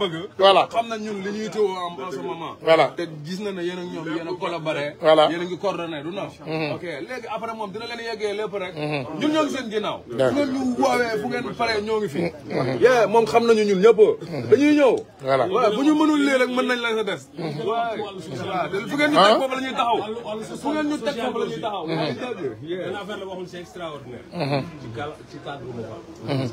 bëgg voilà xam na ñun li ñuy tëw am en ce moment te gis na ne yéen ak ñoom yéen a collaboré voilà yéen a ngi coordonné du na mm-hmm. ok léegi moom dina leen yeggee lépp rek mm-hmm. ñun ñoo ngi seen ngi fi mm-hmm. yee moom xam nañu ñun ñëpp dañuy ñëw voilà waaw bu ñu mënul li rek mën nañ la sa des waaw fu ngeen ñu teg ah? foofu la ñuy taxaw fu ngeen ñu teg foofu la ñuy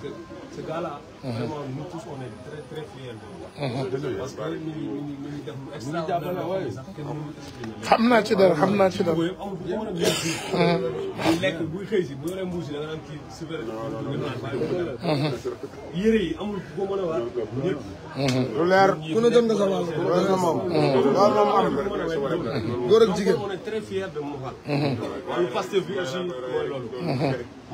taxaw ce gars-là. Mhm. vraiment nous tous on est très très fiers de lui. Mhm. parce que ñu ngi ñu ngi ñu ngi def lu extraordinaire waaye xam naa ci dara xam naa ci dara. Mhm. bu lekk buy xëy si bu yoree mbuus da nga naan kii super. yére yi amul ku ko mën a waar ñëpp. lu leer ku ne jëm nga sa wàll. loolu la moom loolu moom am na. góor ak jigéen. on est très fiers de Mouhal. lu Pastef bi aussi mooy loolu.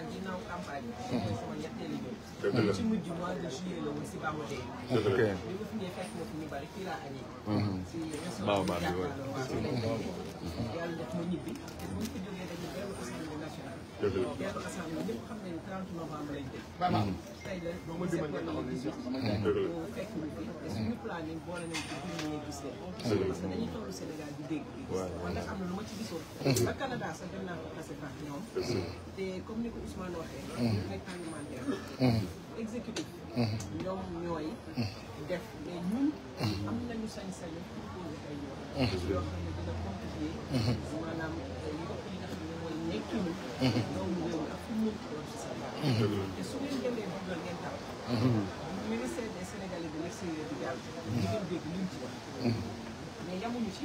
ans ginnaaw de dëgg la dëgg la ñëpp xam nañu 30 novembre lañ tëj. maanaam tey la seetlu nañu 18. dëgg la fekk ñu fi te suñu planning boole nañu ci biir ñuy gis leen. parce que dañuy toll Sénégal di dégg. kon nag am na lu ma ci gisoon. ba Canada sax dem naa ko passé par ñoom. te comme ni ko Ousmane waxee. nekk parlementaire. exécutif. ñoom ñooy. def mais ñun. am nañu sañ-sañu pour poser ay yoon. yoo xam ne dina compliqué. maanaam yokk yi nga xam ne. nekki ñu doomu réew ak fu mu ngeen demee ba doon ngeen taw bu ministère des ci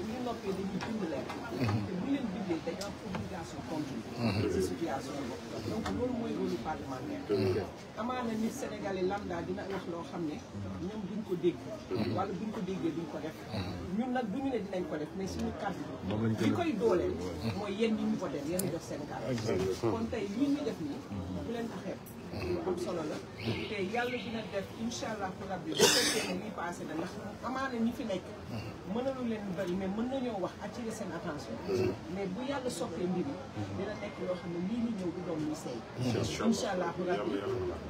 ñu noppi dañuy bind leen mhm. te bu leen bindee dañ am obligation contre si mhm. situation boobu donc loolu mooy rôle parlementaire mhm. amaana nit sénégalais lambda dina wax loo xam ne ñoom duñ ko dégg wala buñ ko déggee duñ ko def ñun nag duñu ne dinañ ko def mais suñu kàddu bi koy dooleel mooy yéen ñi ñu voté yéen ñu def seen kon tey ñun ñu def nii bu leen ko am solo la te yàlla dina def incha allah ko rabbi bu fekkee ne lii passé na ndax amaana ñi fi nekk mënalu leen bëri mais mën nañoo wax attirer seen attention mais bu yàlla soppee mbir yi dina nekk loo xam ne lii ñu ñëw du doon ñu sey incha allah ko rabbi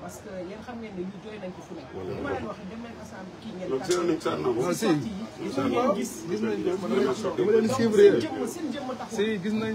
parce que yéen xam ngeen ne ñu jooy nañ ko fu nekk li ma leen wax dem leen assemblée kii ngeen parti yi ngeen gis dama leen suivre seen jëmm taxu gis nañ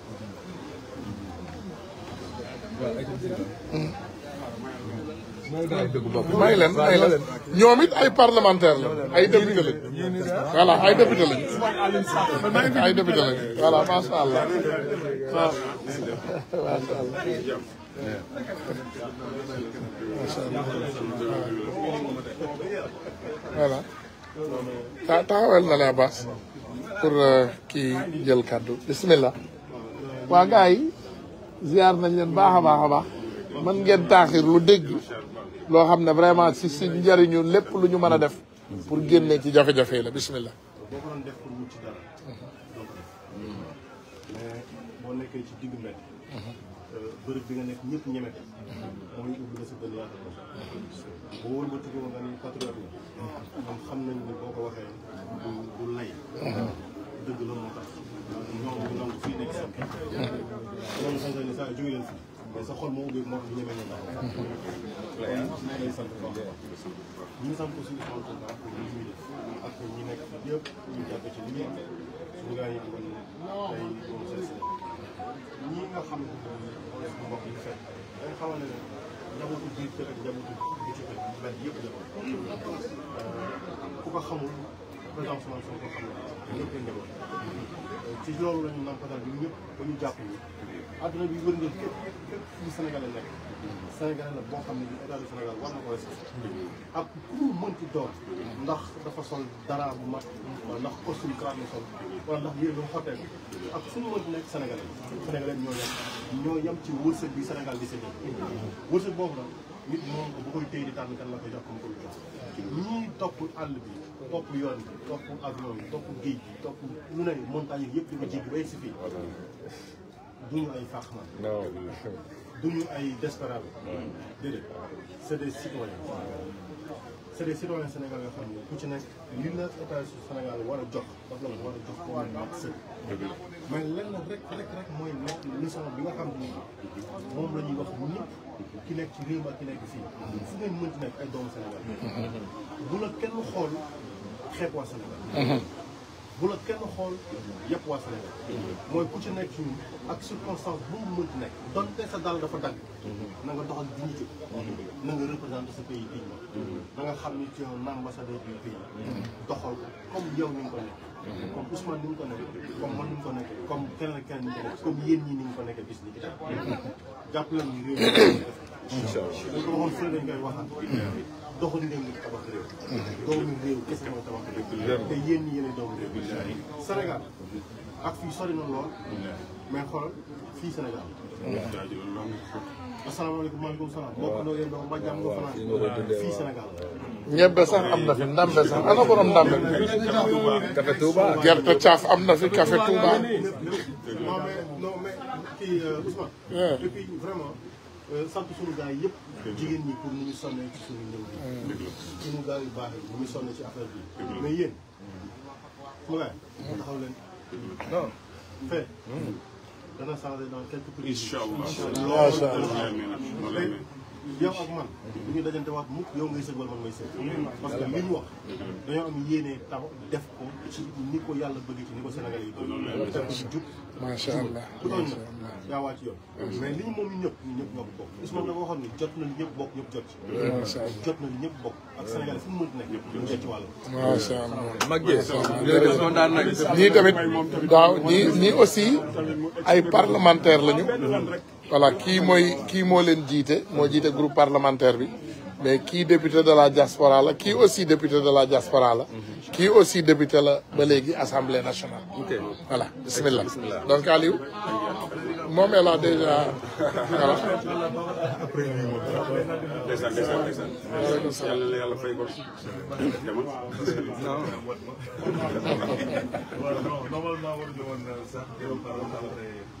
may leen may leen ñoom it ay parlementaire la ay député ay député ay député allah allah na la pour euh, jël bismillah wa ziar nañ leen baax a baax a baax man ngeen taaxir lu dégg loo xam ne vraiment si si njëriñu lépp lu ñu mën a def pour génne ci jafe-jafe la bismillah boo nekkee ci digg mbedd bërëb bi nga nekk ñëpp ñeme ko moo ñu ubbi la sa benn ko boo ni patriote la xam nañ ni boo ko waxee du la donc donc fii nekk seen kër. loolu xam nga ne saa jóge leen fi mais sa xol moo ubbi moo tax ñeme ngeen daal. ñu ngi sant bu baax ñu ngi sant aussi Ousmane Touba ak ñi muy def ak ñi nekk fii yëpp ñu jàpp ci liggéey suñu gars yi ñu ngi woon tey moom seen seen ñi nga xam ne def mbokk yi fekk dañ xamal ne njabootu biir kër ak njabootu bi ci kër benn yëpp ku ko xamul président Ousmane Sonko ko xam ne ñëpp la njaboot ci loolu la ñu nampatal bi ñëpp ba ñu jàpp ñu adduna bi wër nga képp képp fii nekk Sénégal boo xam ne bi état du war na ko respecté ak ku mënti doon ndax dafa sol dara bu mat wala ndax costume cravate la sol wala ndax yére dafa xotee ak fu mu mënti nekk Sénégalais Sénégalais ñoo yem ñoo yem ci wërsëg bi Sénégal di séddee wërsëg boobu nag nit moom bu koy téye di tànn kan la koy jox comme koy jox ñii topp àll bi topp yoon bi topp avion bi topp géej bi topp lu ne montagne yëpp di ko jéggi ba egsi fii duñu ay faaxman duñu ay désperado déedéet c'est des citoyens c'est des citoyens Sénégal nga xam ne ku ci nekk li la état su Sénégal war a jox daf la war a jox ko war a sëg mais lenn rek rek rek mooy nekk leçon bi nga xam ne moom la ñuy wax ñëpp ki nekk ci réew mi ak ki nekk fii fu ngeen mënti nekk ay doomu Sénégal bu la kenn xool xeeb waa Sénégal bu la kenn xool yëpp waa Sénégal mooy ku ci nekk ci ak circonstance bu mu mënti nekk donte sa dal dafa dagg na nga doxal dignité na nga représenté sa pays dignement mhm. na nga xam ni ci un ambassadeur du pays doxal ko comme yow ni nga ko nekk comme Ousmane ni mu ko nekkee comme man ni mu ko nekkee comme keneen ak ni mu ko nekkee comme yéen ñii ni mu ko nekkee bis ni ki tey jàpp leen ni réew mi incha allah dañ ko waxoon fële dañ koy waxaat doxul réew mi tabax réew doomu réew kese mooy tabax réew te yéen ñi réew Sénégal ak fii sori na mais xoolal fii Sénégal asalaamaaleykum maaleykum salaam. ñebbe sax am na fi ndambe sax ana borom ndambe. café Touba gerte caaf am na fi café Touba. Euh, vraiment euh, sant yëpp. jigéen ñi pour nu ñu sonnee yu baax yi nu affaire bi. ربنا يساعدنا على كلكم كل شيء ان شاء الله ان شاء الله yow ak man bu ñu dajante waat mukk yow ngay sëg wala man may sëg parce que li ñu wax dañoo am yéene tax def ko ci ni ko yàlla bëgg ci ni ko Sénégal yi bëgg def ko ci jub macha allah ku doon na yaa waa ci yoon mais li ñu moom ñëpp ñu ñëpp ñoo ko bokk Ousmane dafa waxoon ni jot na li ñëpp bokk ñëpp jot ci jot na li ñëpp bokk ak Sénégal fu mu mënti nekk ñu jot ci wàll macha allah maggee ñii tamit waaw ñii ñii aussi ay parlementaire lañu voilà kii mooy kii moo leen jiite moo jiite groupe parlementaire bi mais kii député de la diaspora la kii aussi député de la diaspora la kii aussi député la ba léegi assemblée nationale voilà bismillah donc Aliou moom elle a déjà voilà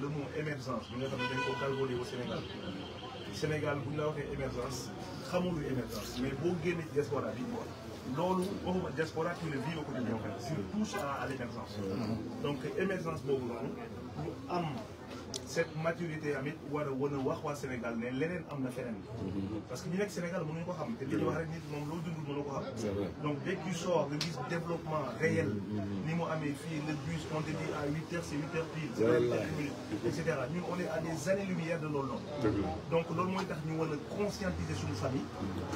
le mot émergence nous avons au Sénégal Sénégal n'avez émergence émergence mais vous avez une diaspora diaspora qui au quotidien surtout à l'émergence. Mm-hmm. donc émergence pour vous cette maturité tamit war a wax wa Sénégal ne leneen amna na mhm. parce que ñu nek Sénégal mënuñu ko xam té li wax rek nit mom lo dundul mënu ko xam donc dès qu'il sort le nga gis développement réel mhm, mhm, ni mo amé fi le bus on te dit à 8h c'est 8h pile c'est huit et cetera ñun on est à des années lumière de loolu donc lolo moy tax ñu war a conscientiser suñu famille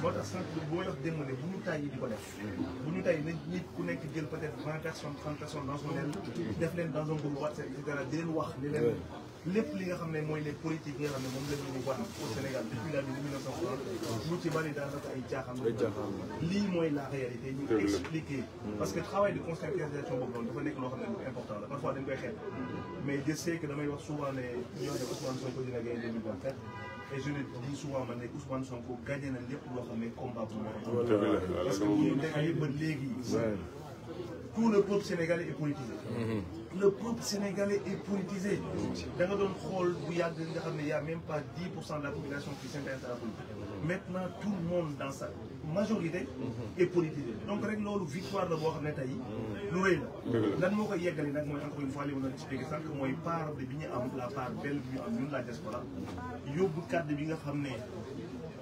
motax tax sànq boy wax dem né buñu ñu tàyyi di def buñu ñu tàyyi na nit ku nek jël peut-être vingt personnes trente personnes dans son aile def leen dans un groupe WhatsApp et cetera di leen wax ni leen les li les politiques au Sénégal depuis l'année 1960 la réalité mm. parce que le travail de constatation, est important parfois mais je sais que souvent les Ousmane Sonko guerre, gagné 2024 et je le dis souvent que Ousmane Sonko gagné na pour parce que tout le peuple sénégalais est politisé mm-hmm le peuple sénégalais est politisé. Il n'y rôle, il n'y a même pas 10 de la population qui s'intéresse à la politique. maintenant tout le monde dans sa majorité. Mhm. est politisé donc rek la victoire de voir xam ne sommes lu rëy la. lan moo encore une fois li ma expliqué part bi ñu de la part belle bi ñu la diaspora yóbbu bi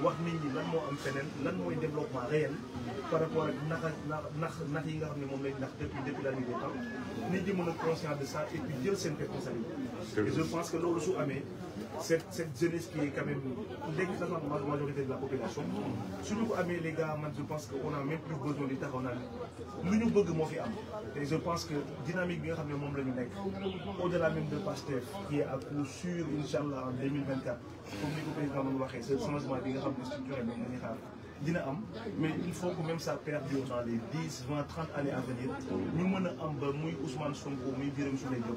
wax nit ñi lan moo am feneen lan mooy développement réel par rapport à nax nax nax yi nga xam ne moom lañ nax depuis depuis la nuit des temps nit ñi mën a conscient de ça et puis jël seen responsabilité et je pense que loolu su amee cette cette jeunesse qui est quand même l'excellente majorité de la population suñu ko amee les gars man je pense que on a même plus besoin di taxaw naan lu ñu bëgg moo fi am et je pense que dynamique bi nga xam ne moom la au delà même de Pasteur qui est à coup sûr incha en 2024 comme ni ko président man waxee ce changement am des structures et des Mais il faut que même ça perdure dans les 10, 20, 30 années à venir. Nous avons un peu de Ousmane Sonko, nous avons un peu de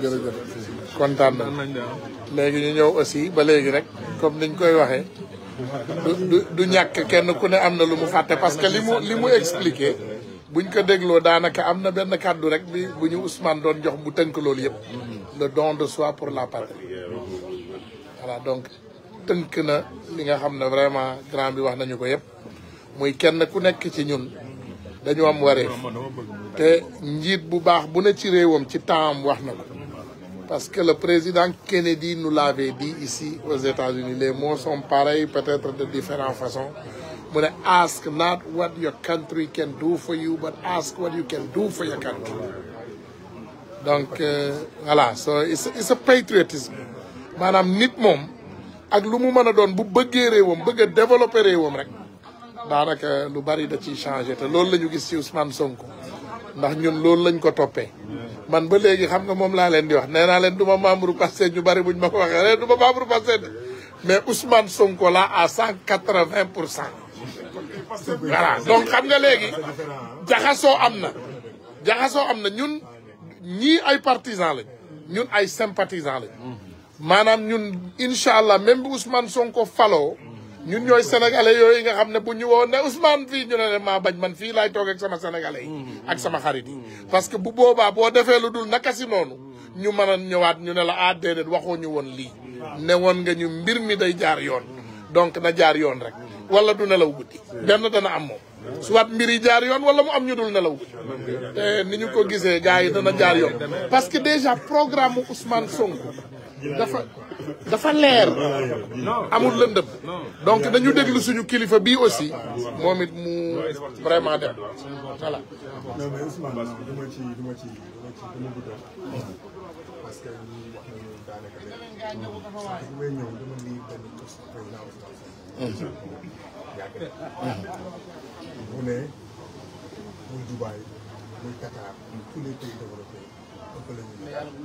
jërëjëf kontaan nañ léegi ñu ñëw aussi ba léegi rek comme niñ koy waxee du du ñàkk kenn ku ne am na lu mu fàtte parce que li mu li mu expliqué buñ ko dégloo daanaka am na benn kàddu rek bi bu ñu Ousmane doon jox bu tënk loolu yëpp le don de soi pour la patrie voilà donc tënk na li nga xam ne vraiment grand bi wax nañu ko yëpp muy kenn ku nekk ci ñun dañu am waré té njiit bu baax bu ne ci ci temps wax na parce que le président Kennedy nous l'avait dit ici aux États-Unis les mots sont pareils peut-être de différentes façons Mais ask not what your country can do for you but ask what you can do for your country donc euh, voilà so it's, it's a patriotism manam nit mom ak lu mu meuna a doon bu bëggee réewam bëgg développer rek daanaka lu bari da ciy changé te loolu la ñu gis ci Ousmane Sonko ndax ñun loolu lañ ko toppe man ba léegi xam nga moom laa leen di wax nee naa leen du ma membre Pastef ñu bari buñ ma ko waxee nee eh, du ma membre Pastef mais Ousmane Sonko la à cent quatre-vingt pour cent voilà donc xam nga léegi jaxasoo am na jaxasoo am na ñun ñii ay partisans lañ ñun ay sympathisants lañ maanaam ñun incha allah même bu Ousmane Sonko faloo ñun ñooy sénégalais yooyu nga xam ne bu ñu woon ne Ousmane fii ñu ne leen maa bañ man fi laay toog ak sama sénégalais mm-hmm. ak sama xarit yi mm-hmm. parce que bu boobaa boo defee lu dul naka si noonu ñu man a ñëwaat ñu ne la ah déedéet waxoo ñu woon lii mm-hmm. ne woon nga ñu mbir mi day jaar yoon donc na jaar yoon rek wala du nelaw guddi benn dana am moom soit mbir yi jaar yoon wala mu am ñu dul nelaw te ni ñu ko gisee gars yi dana jaar yoon parce que déjà programme Ousmane Sonko dafa leer amul lëndëm donc dañu déglu suñu kilifa bii aussi moom it mu vraiment dem voilà. non mais Ousmane ma ci du ma ci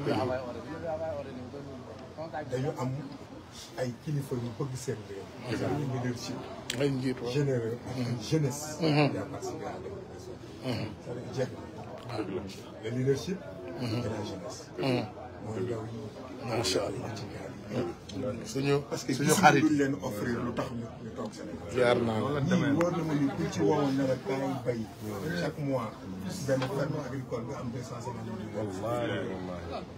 du ma dañu am ay kilifa yu bëgg seen réew. am nañu leadership. ay njiit waaw généreux ak mm-hmm. jeunesse. Mm-hmm. yaa participé à la jeex na. Mm-hmm. le leadership. et la jeunesse. mooy ndaw yi. macha allah. suñu suñu xarit parce que leen offrir lu tax ñu toog Sénégal. jaar naa la lii wóor na ma ni ku ci woowoon na la kaay bay. chaque mois. benn ferme agricole nga am deux cent cinquante mille. wallaahi wallaahi.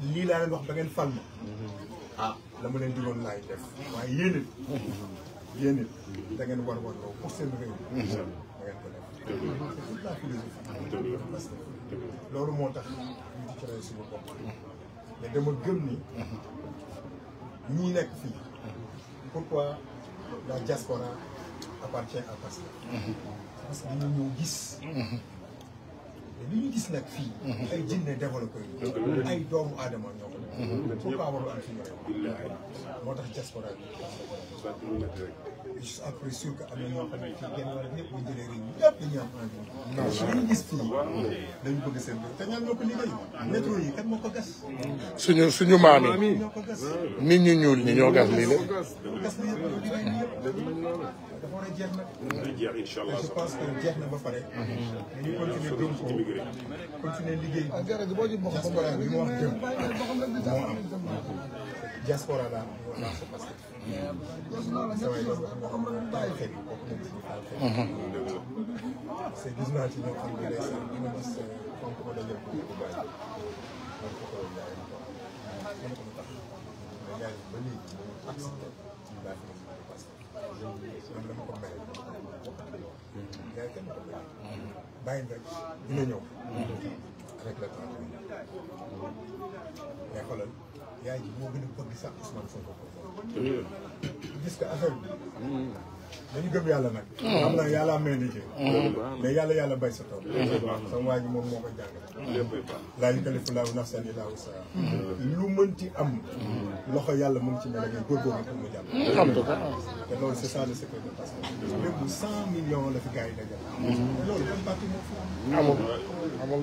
lii laa leen wax ba ngeen fal mm-hmm. ah la ma leen digoon laay def waaye yéen it mm-hmm. yéen it da ngeen war war loo mm-hmm. da ngeen ko def c'est la philosophie parce que loolu moo tax ñu ci créé suñu mais dama gëm ni ñii nekk fii pourquoi la diaspora appartient à Pastef parce que dañu ñëw gis li ñu gis nag fii. Mhm. ay jinne développé yi. ay doomu aadama ñoo ko def. Mhm. pourquoi warul am fi ñu moo tax diaspora bi. je suis après sûr que am na ñoo xam ne ci genn wàll yëpp bu ñu jëlee réew mi yëpp dañuy am problème. li ñu gis fii dañu bëgg seen bopp te ñaan ñoo ko liggéey. métro yi kat moo ko gas. suñu suñu maam yi ñoo ko gas. nit ñu ñuul ñi ñoo gas lii la. gas na yëpp liggéey bi yëpp dafa war a jeex nag. dina jeex incha allah je pense que jeex na ba pare. dañuy continuer gëm ko continuer liggéey bi. diaspora bi mu wax jëm moo am diaspora daal. samay doom boo xam ne bàyyi xel yi bokk nañ ci ñu bàyyi xel parce que gis naa ci ñoo xam ne ndeysaan ñu ne gis fonk ba dajal ko ko bàyyi man ko ko jaay ma ko man ko tax ma jaay ba léegi mu accepté ñu bàyyi xel ñu passé man dama ko mere yaay kenn ko bàyyi bàyyi rek dina ñëw avec le temps yaay ji moo gën a bëgg sax Ousmane Sonko gis nga affaire bi. Hmm. dañu gëm yàlla nag. Hmm. xam na yàlla amee liggéey. mais yàlla yàlla bay sa tool. Hmm. sama waa ji moom moo ko jàng. laa yukallifu laahu nafsan illaa wusahaa. lu am. loxo yàlla mu ngi ci mel ne góorgóorlu pour mu jàpp. am te loolu c'est ça le secret de Pastef. cent millions la fi gars yi dajal. loolu ban parti moo fi am. amul amul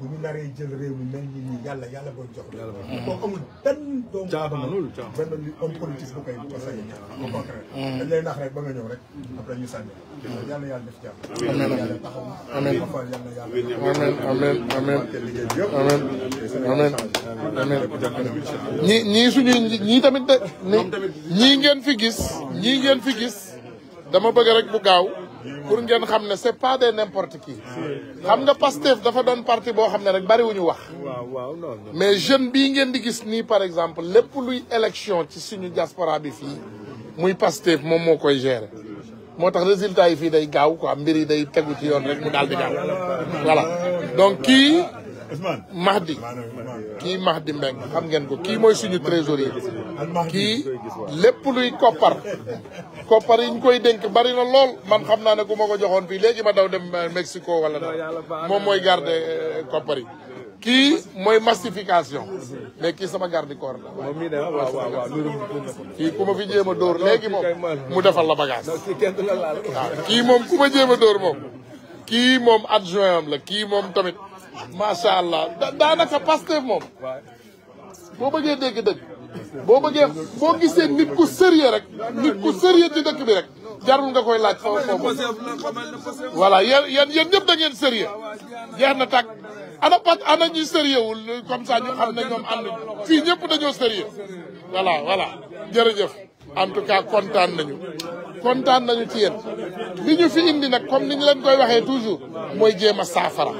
bu ñu naree jël réew mi mel ni nii yàlla yàlla booy jox. boo amul benn doomu. jaabanul jaabanul benn li homme ko sañee. Mm. au contraire. dañ lay nax rek ba rek. après ñu yàlla yàlla def jàmm. amiin yàlla taxaw. amiin amiin amiin amiin amiin ñii ñii suñuy ñii tamit de. ñii ngeen fi gis. ñii ngeen fi gis. dama bëgg rek bu gaaw. pour ngeen xam ne c'est pas des n'importe qui xam nga Pastef dafa doon parti boo xam ne rek bariwuñu wax mais jeune bii ngeen di gis nii par exemple lépp luy élection ci suñu diaspora bi fii muy Pastef moom moo koy gérer moo tax résultat yi fii day gaaw quoi mbir yi day tegu ci yoon rek mu daal di gaaw voilà donc qui Mahdi kii Mahdi Mbengue xam ngeen ko kii mooy suñu trésorier kii lépp luy koppar koppar yi ñu koy denk bari na lool man xam naa ne ku ma ko joxoon fii léegi ma daw dem euh, Mexico wala na moom mooy garde euh, koppar yi kii mooy massification mais kii sama garde corps la. moom mii da waaw waaw waaw kii ku ma fi jéem a dóor léegi moom mu defal la bagage. kii moom ku ma jéem a dóor moom. kii moom adjoint am la kii moom tamit. macha allah daanaka Pastef moom boo bëggee dégg-dëgg boo bëggee boo gisee nit ku sérieux rek nit ku sérieux ci dëkk bi rek jarul nga koy laaj foofu foofu voilà yéen yéen yéen ñëpp da ngeen sérieux jeex na tàkk ana pat ana ñuy sérieux wul comme ça ñu xam ne ñoom ànd fii ñëpp dañoo sérieux voilà voilà jërëjëf en tout cas kontaan nañu kontaan nañu ci yéen li ñu fi indi nag comme ni ñu leen koy waxee toujours mooy jéem a saafara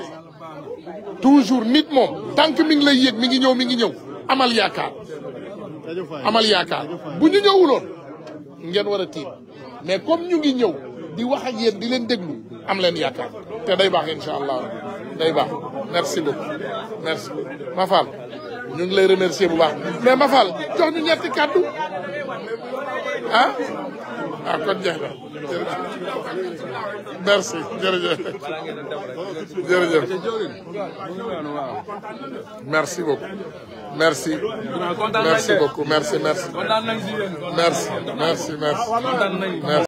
toujours nit moom tant que mi ngi lay yëg mi ngi ñëw mi ngi ñëw amal yaakaar amal yaakaar bu ñu ñëwuloon ngeen war a tiit mais comme ñu ngi ñëw di wax ak yéen di leen déglu am leen yaakaar te day baax incha allah day baax merci beaucoup merci Mafal ñu lay remercier bu baax mais Mafal jox ñu ñetti kàddu ah Ah, merci merci beaucoup merci merci beaucoup merci merci merci merci merci